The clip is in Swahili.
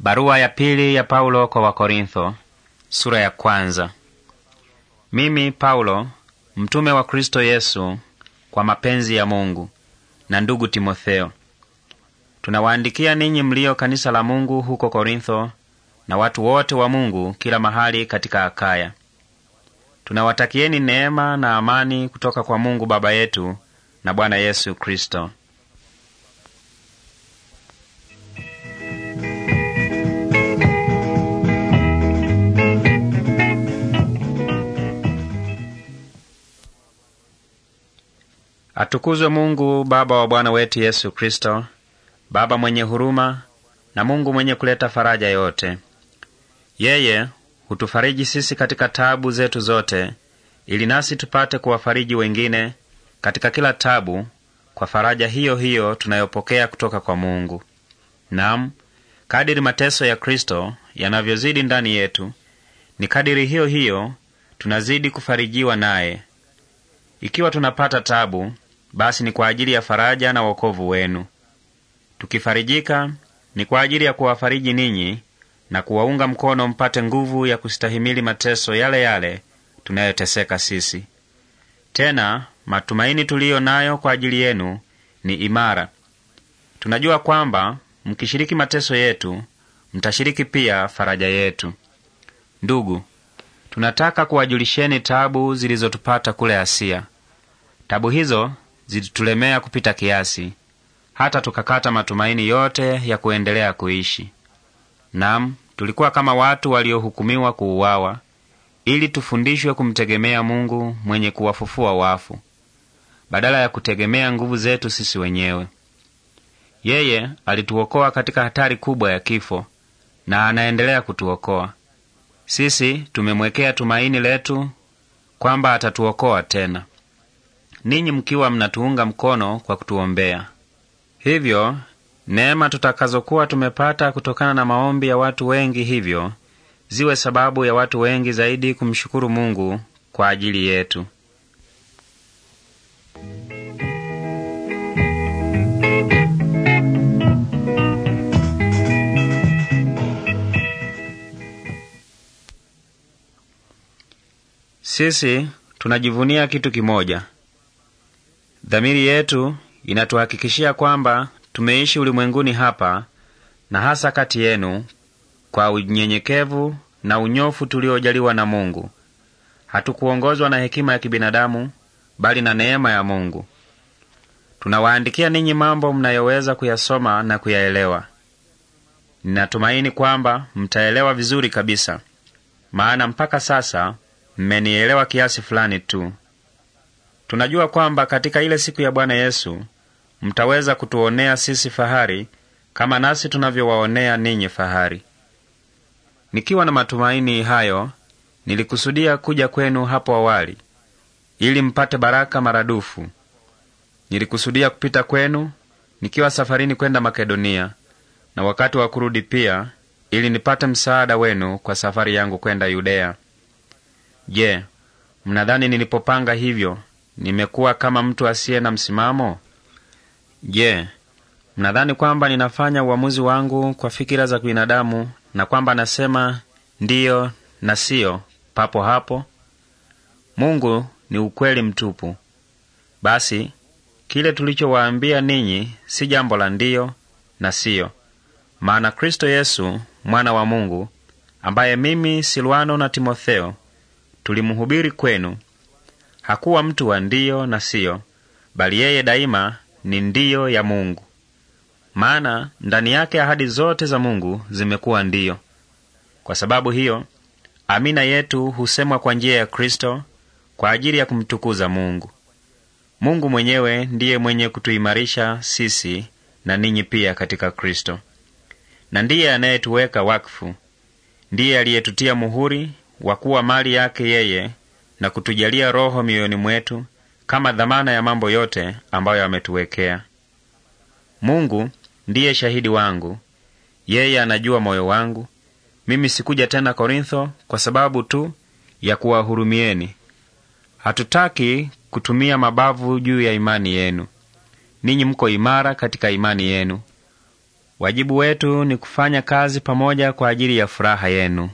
Barua ya pili ya Paulo kwa Wakorintho, sura ya kwanza. Mimi Paulo mtume wa Kristo Yesu kwa mapenzi ya Mungu na ndugu Timotheo, tunawaandikia ninyi mlio kanisa la Mungu huko Korintho na watu wote wa Mungu kila mahali katika Akaya. Tunawatakieni neema na amani kutoka kwa Mungu Baba yetu na Bwana Yesu Kristo. Atukuzwe Mungu Baba wa Bwana wetu Yesu Kristo, Baba mwenye huruma na Mungu mwenye kuleta faraja yote. Yeye hutufariji sisi katika tabu zetu zote, ili nasi tupate kuwafariji wengine katika kila tabu kwa faraja hiyo hiyo tunayopokea kutoka kwa Mungu. Naam, kadiri mateso ya Kristo yanavyozidi ndani yetu, ni kadiri hiyo hiyo tunazidi kufarijiwa naye. Ikiwa tunapata tabu basi ni kwa ajili ya faraja na wokovu wenu. Tukifarijika ni kwa ajili ya kuwafariji ninyi na kuwaunga mkono mpate nguvu ya kustahimili mateso yale yale tunayoteseka sisi. Tena matumaini tuliyo nayo kwa ajili yenu ni imara. Tunajua kwamba mkishiriki mateso yetu mtashiriki pia faraja yetu. Ndugu, tunataka kuwajulisheni tabu zilizotupata kule Asia. Tabu hizo zilitulemea kupita kiasi, hata tukakata matumaini yote ya kuendelea kuishi. Nam, tulikuwa kama watu waliohukumiwa kuuawa, ili tufundishwe kumtegemea Mungu mwenye kuwafufua wafu, badala ya kutegemea nguvu zetu sisi wenyewe. Yeye alituokoa katika hatari kubwa ya kifo na anaendelea kutuokoa sisi. Tumemwekea tumaini letu kwamba atatuokoa tena ninyi mkiwa mnatuunga mkono kwa kutuombea. Hivyo neema tutakazokuwa tumepata kutokana na maombi ya watu wengi hivyo ziwe sababu ya watu wengi zaidi kumshukuru Mungu kwa ajili yetu. Sisi tunajivunia kitu kimoja. Dhamiri yetu inatuhakikishia kwamba tumeishi ulimwenguni hapa na hasa kati yenu kwa unyenyekevu na unyofu tuliojaliwa na Mungu. Hatukuongozwa na hekima ya kibinadamu, bali na neema ya Mungu. Tunawaandikia ninyi mambo mnayoweza kuyasoma na kuyaelewa. Ninatumaini kwamba mtaelewa vizuri kabisa, maana mpaka sasa mmenielewa kiasi fulani tu. Tunajua kwamba katika ile siku ya Bwana Yesu mtaweza kutuonea sisi fahari kama nasi tunavyowaonea ninyi fahari. Nikiwa na matumaini hayo, nilikusudia kuja kwenu hapo awali ili mpate baraka maradufu. Nilikusudia kupita kwenu nikiwa safarini kwenda Makedonia, na wakati wa kurudi pia, ili nipate msaada wenu kwa safari yangu kwenda Yudea. Je, mnadhani nilipopanga hivyo nimekuwa kama mtu asiye na msimamo? Je, mnadhani kwamba ninafanya uamuzi wangu kwa fikira za binadamu na kwamba nasema ndiyo na siyo papo hapo? Mungu ni ukweli mtupu. Basi kile tulichowaambia ninyi si jambo la ndiyo na siyo, maana Kristo Yesu mwana wa Mungu ambaye mimi Silwano na Timotheo tulimhubiri kwenu Hakuwa mtu wa ndiyo na siyo, bali yeye daima ni ndiyo ya Mungu. Maana ndani yake ahadi zote za Mungu zimekuwa ndiyo. Kwa sababu hiyo, amina yetu husemwa kwa njia ya Kristo kwa ajili ya kumtukuza Mungu. Mungu mwenyewe ndiye mwenye kutuimarisha sisi na ninyi pia katika Kristo, na ndiye anayetuweka wakfu, ndiye aliyetutia muhuri wa kuwa mali yake yeye na kutujalia Roho mioyoni mwetu kama dhamana ya mambo yote ambayo ametuwekea. Mungu ndiye shahidi wangu, yeye anajua moyo wangu. Mimi sikuja tena Korintho kwa sababu tu ya kuwahurumieni. Hatutaki kutumia mabavu juu ya imani yenu. Ninyi mko imara katika imani yenu. Wajibu wetu ni kufanya kazi pamoja kwa ajili ya furaha yenu.